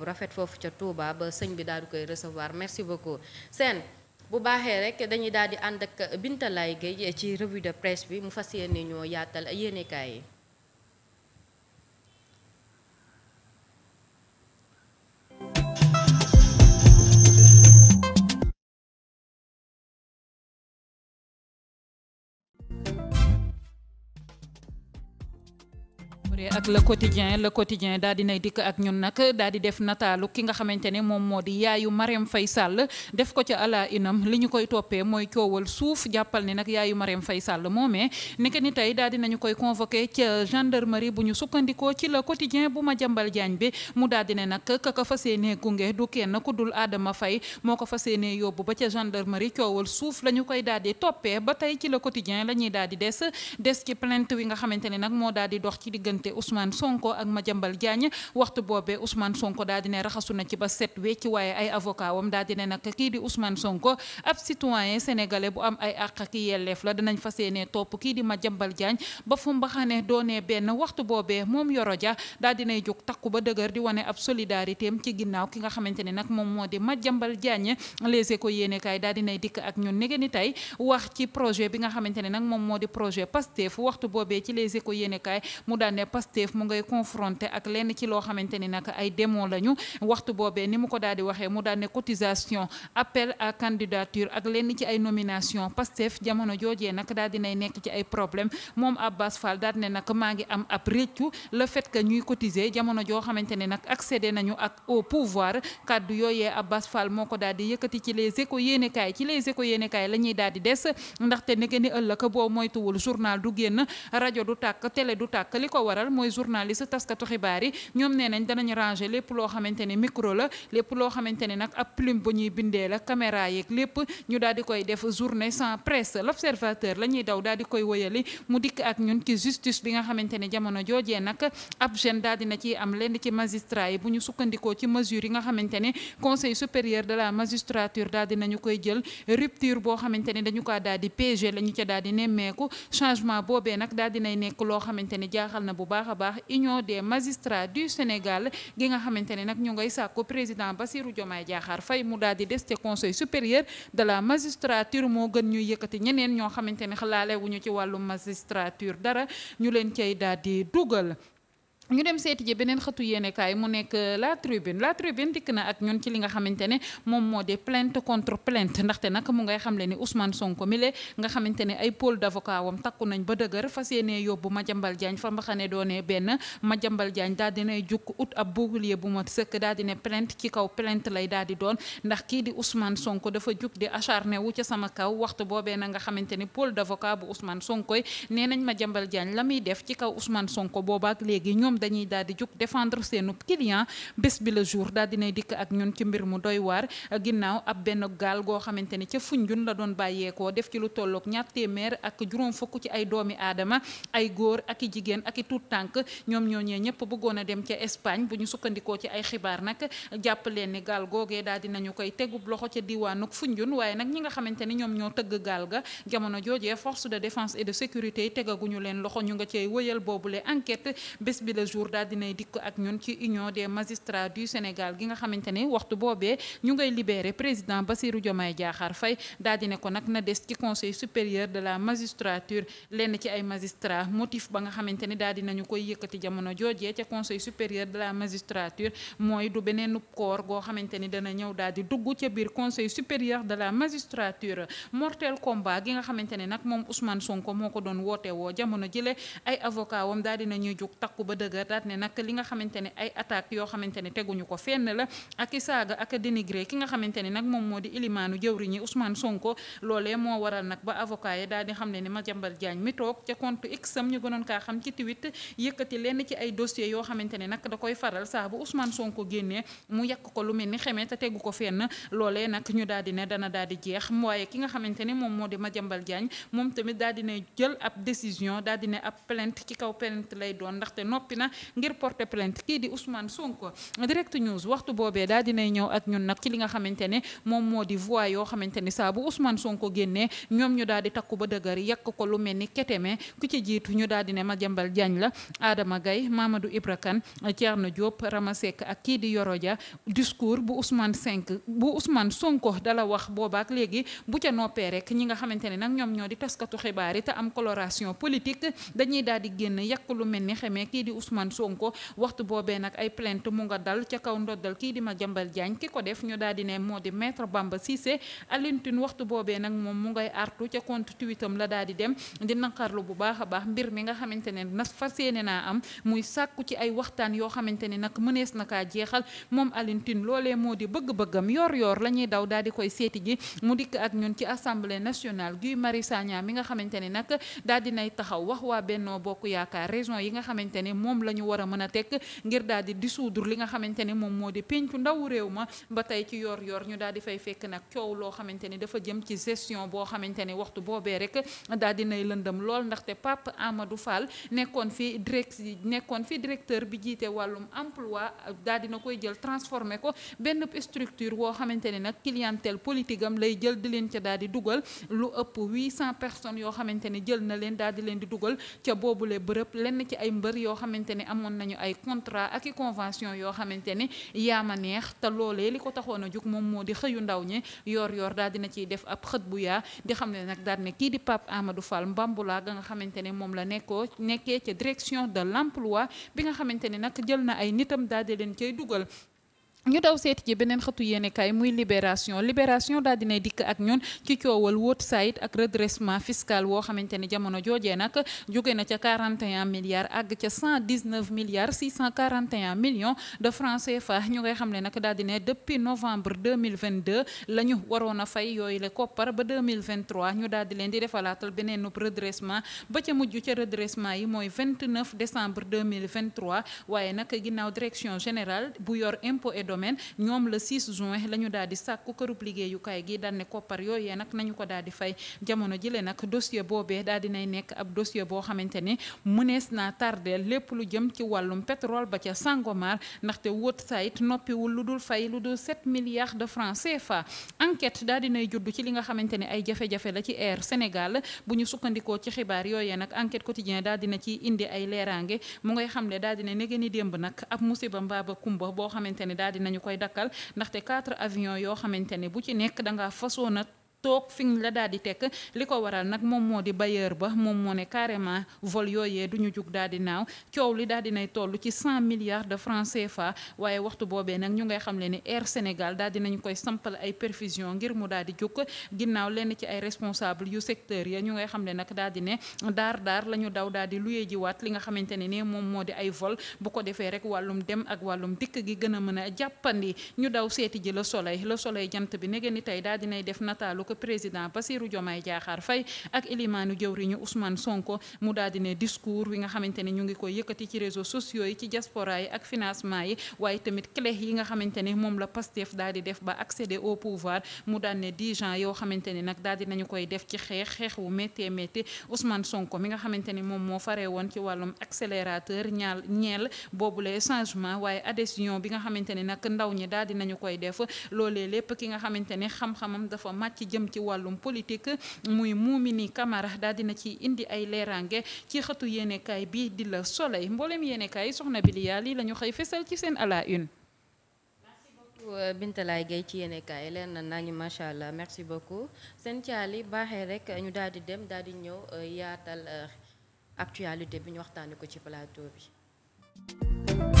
bu rafet foofu ca Touba ba sëñ bi daal di koy recevoir merci beaucoup seen bu baaxee rek dañuy daal di ànd ak Binta Laye ci revue de presse bi mu fas yéene ñoo yaatal yéenekaay yi dee ak le quotidien le quotidien daal di nay dikk ak ñun nag daal di def nataalu ki nga xamante ne moom moo di yaayu Marème Faye Sall def ko ca ala inam li ñu koy toppee mooy coowal suuf jàppal ne nag yaayu Marème Faye Sall moomee nekk ni tey daal di nañu koy convoqué ca gendarmerie bu ñu sukkandikoo ci le quotidien bu ma jàmbal jaañ bi mu daal di ne nag ka ko fas yéenee gunge du kenn ku dul Adama Faye moo ko fas yéenee yóbbu ba ca gendarmerie coowal suuf la ba tey ci le la ñuy daal di des des diggante Ousmane Sonko ak Madiambal Diagne waxtu boobee Ousmane Sonko daa di ne raxasu na ci ba set wecc waaye ay avocat wam daa di kii di Ousmane Sonko ab citoyen sénégalais bu am ay àq ak yelleef la danañ fa yéene topp kii di ma jambal Diagne ba fu mbaxane doonee benn waxtu boobee moom Yoro Dia daa dinay jóg takku ba dëgër di wane ab solidarité ci ginnaaw ki nga xamante ne nag moom moo di ma Madiambal Diagne Les Échos yéenekaay daa dinay dikk ak ñun nege ni tey bi nga xamante ne nag moom moo di projet Pastef waxtu boobee ci Pastef mu ngay confronté ak lenn ci loo xamante ni nag ay démon lañu waxtu boobee ni mu ko daal di waxee mu daal ne cotisation appel à candidature ak lenn ci ay nomination Pastef jamono joojee nag daal dinay nekk ci ay problème moom Abbas Fall daal ne nag maa ngi am ab réccu le fait que ñuy cotiser jamono joo xamante ne nag accédé nañu ak au pouvoir kàddu yooyee Abbas Fall moo ko daal di yëkkati ci les échos yéenekaay ci les échos yéenekaay la ñuy daal di des ndaxte nekk ni ëllëg boo moytuwul journal du génn rajo du tàkk xaar mooy journaliste taskatu xibaar yi ñoom nee nañ danañ ranger lépp loo xamante ne micro la lépp loo xamante ne nag ab plume bu ñuy bindee la caméra yeeg lépp ñu daal di koy def journée sans presse l'observateur la ñuy daw daal di koy wëyali mu dikk ak ñun ci justice bi nga xamante ne jamono joojee nag ab jeune daal dina ciy am lenn ci magistrat yi bu ñu sukkandikoo ci mesure yi nga xamante ne conseil supérieur de la magistrature daal dinañu koy jël rupture baax a baax union des magistrats du Sénégal gi nga xamante ne nag ñu ngay sàkku président Bassirou Diomaye Diakhar Faye mu daal di des ce conseil supérieur de la magistrature moo gën ñuy yëkkati ñeneen ñoo xamante ni xalaale ñu ci wàllu magistrature dara ñu leen cay daal di dugal ñu dem seeti ji beneen xëtu yéenekaay mu nekk euh, la tribune la tribune dikk na ak ñun ci li nga xamante ne moom moo di plainte contre plainte ndaxte nag mu ngay xamle ni Ousmane Sonko mi le nga xamante ne ay pôle d'avocat wam takku nañ ba dëgër fas yéenee yóbbu Madiambal Diagne fa mbaxane doonee benn Madiambal Diagne daal nay jukk ut ab bouclier bu mat sëkk daal ne plainte ci kaw plainte lay daal di doon ndax kii di Ousmane sonk dafa jug di acharné wu ca sama kaw waxtu boobee na nga xamante ni pôle d'avocat bu Ousmane Sonko nee nañ Madiambal Diagne la muy def ci kaw Ousmane Sonko boobaak dañuy daal di jug défendre seenu client bés bi la jour daal dinay dikk ak ñun ci mbir mu doy waar ginnaaw ab benn gaal goo xamante ne ca Foundiougne la doon bàyyeekoo def ci lu tollook ñaar téeméer ak juróom fukk ci ay doomi aadama ay góor ak i jigéen ak i tuut tànk ñoom ñooñee ñëpp bëggoon a dem ca Espagne bu ñu sukkandikoo ci ay xibaar nag jàpp leen ni gaal googee daal dinañu koy tegub loxo ca diwaanug Foundiougne waaye nag ñi nga xamante ni ñoom ñoo tëgg gaal ga jamono joojee force de sécurité tegaguñu leen loxo ñu nga cey wëyal boobule enquête bés bi jour daal dinay dikk ak ñun ci union des magistrats du Sénégal gi nga xamante ne waxtu boobee ñu ngay libéré président Bassirou Diomaye Diakhar Faye daal di ne ko nag na des ci conseil supérieur de la magistrature lenn ci ay magistrats motif ba nga xamante ne daal dinañu koy yëkkati jamono joojee ca conseil supérieur de la magistrature mooy du beneen koor goo xamante ni dana ñëw daal di dugg ca biir conseil supérieur de la magistrature mortel combat gi nga xamante ne nag moom Ousmane Sonko moo ko doon woote woo jamono jële ay avocat wam daal dinañuy jóg takku ba dëgër daat ne nag li nga xamante ne ay attaques yoo xamante ne teguñu ko fenn la ak i saaga ak dénigré ki nga xamante ne nag moom moo di ilimaanu jëwriñi Ousmane Sonko loolee moo waral nag ba avocat yi daal di xam ne ne Madiambal Diagne mi toog ca compte X am ñu gënoon kaa xam ci Twitter yëkkati lenn ci ay dossiers yoo xamante ne nag da koy faral saa bu Ousmane Sonko génnee mu yakk ko lu mel ni xeme te tegu ko fenn loole nag ñu daal di ne dana daal di jeex waaye ki nga xamante ne moom moo di ma jambal Diagne moom tamit daal di ne jël ab décision daal di ne ab plainte ci kaw plainte lay doon ndaxte noppi na ngir porter plainte kii di Ousmane Sonko direct news waxtu boobee daal dinay ñëw ak ñun nag ci li nga xamante ne moom moo di voix yoo xamante ni saa bu Ousmane Sonko génnee ñoom ñu daal di takku ba dëgër yakk ko lu mel ni keteme ku ci jiitu ñu daal di ne Madiambal Diagne la Adama Gaye Mamadou Ibra Kane Thierno Diop Rama Seck ak kii di Yoro Dia discours bu Ousmane Sonko bu Ousmane Sonko dala wax boobaak léegi bu ca noppee rek ñi nga xamante ne nag ñoom ñoo di taskatu xibaar yi te am coloration politique Ousmane Sonko waxtu boobee nag ay plainte mu nga dal ca kaw ndoddal kii di Madiambal Diagne ki ko def ñu daal di ne moo di maître Bamba Cissé Alioune Tine waxtu boobee nag moom mu ngay artu ca compte Twitteram la daal di dem di naqarlu bu baax a baax mbir mi nga xamante ne nas fas yéene naa am muy sàkku ci ay waxtaan yoo xamante ne nag mënees na kaa jeexal moom Alioune Tine moo di bëgg-bëggam yor-yor la ñuy daw daal di koy seeti ji mu dikk ak ñun ci assemblée nationale Guy Marius Sagna mi nga xamante ne nag daal di nay taxaw wax waa Benno Bokk Yaakaar raison yi nga xamante ne moom moom la ñu war a mën a teg ngir daal di dissoudre li nga xamante ne moom moo di pencu ndaw réew ma ba tey ci yor yor ñu daal di fay fekk nag coow loo xamante ni dafa jëm ci gestion boo xamante ne waxtu boobee rek daal di nay lëndëm lool ndaxte Pape Amadou Fall nekkoon fi direct nekkoon fi directeur bi jiite wàllum emploi daal na koy jël transformé ko benn structure woo xamante ne nag clientèle politique am lay jël di leen ca daal di dugal lu ëpp 800 personnes yoo xamante ne jël na leen daal di leen di dugal xamante ne amoon nañu ay contrat ak i convention yoo xamante ne ma neex te loolee li ko taxoon a jóg moom moo di xëyu ndaw ñi yoor yoor daal dina ciy def ab xët bu yaa di xam ne nag daal ne kii di Pape Amadou Fall Mbambula ga nga xamante ne moom la nekkoo nekkee ca direction de l'emploi bi nga xamante ne nag jël na ay nitam daal di leen cay dugal ñu daw seeti ji beneen xëtu yéenekaay muy libération libération daal dinay dikk ak ñun ci coowal World Side ak redressement fiscale woo xamante ni jamono joojee nag jóge na ca 41 milliards àgg ca 119 milliards 641 millions de francs CFA ñu ngay xam ne nag daal dina depuis novembre 2022 la ñu waroon a fay yooyu le koppar ba 2023 ñu daal di leen di defalaatal beneen nub redressement ba ca mujj ca redressement yi mooy 29 décembre 2023 waaye nag ginnaaw direction général bu yor impôt domaine ñoom le 6 juin la ñu daal di sàkku kërub liggéeyukaay gi daal ne koppar yooyee nag nañu ko daal di fay jamono jile nag dossier boobee daal dinay nekk ab dossier boo xamante ne mënees naa tardé lépp lu jëm ci wàllum pétrole ba ca Sangomar ndaxte Woodside noppiwul lu dul fay lu dul 7 milliards de francs CFA enquête daal dinay juddu ci li nga xamante ne ay jafe-jafe la ci Air Sénégal bu ñu sukkandikoo ci xibaar yooyee nag enquête quotidien daal dina ci indi ay dinañu koy dakkal ndaxte quatre avions yoo xamante ne bu ci nekk da ngaa fasoon toog fi la daal di tekk li ko waral nag moom moo di bailleur ba moom moo ne carrément vol yooyee du ñu jug daal di naaw coow li daal di nay toll ci cent milliards de francais CFA waaye waxtu boobee nag ñu ngay xam le ni Air Sénégal daal nañu koy sampal ay perfusion ngir mu daal di jug ginnaaw lenn ci ay responsable yu secteur ya ñu ngay xam le nag daal di ne daar daar lañu daw daal di luyee jiwaat li nga xamante ne ni moom moo di ay vol bu ko defee rek wàllum dem ak wàllum dikk gi gën a mën a jàppandi ñu daw seeti ji le soleil le soleil jant bi que président Bassirou Diomaye Diakhar Faye ak élimaanu jëwriñu Ousmane Sonko mu daal ne discours wi nga xamante ne ñu ngi ko yëkkati ci réseaux sociaux yi ci diaspora yi ak financement yi waaye tamit clé yi nga xamante ni moom la Pastef daal di def ba accéder au pouvoir mu daal ne dix ans yoo xamante ne nag daal di nañu ci xeex xeex wu méttee métti Ousmane Sonko mi nga xamante ne moom moo faree woon ci wàllum accélérateur ñaal ñeel boobule changement waaye adhésion bi nga xamante ni nag ndaw ñi daal di nañu koy def loolee lépp ki nga xamante ne xam-xamam dafa màcc jëm jëm ci wàllum politique muy Moumini kamara daal na ci indi ay leeraange ci xëtu yéenekaay bi di la Soleil mbooleem yéenekaay soxna bi liyaa lii la ñu xëy fesal ci seen à la une euh, Bintalaay Gueye ci yéen kaay leer na naa ngi macha allah merci beaucoup seen caali baaxee rek ñu daal di dem daal di ñëw euh, yaatal euh, actualité bi ñu waxtaanee ko ci plateau bi.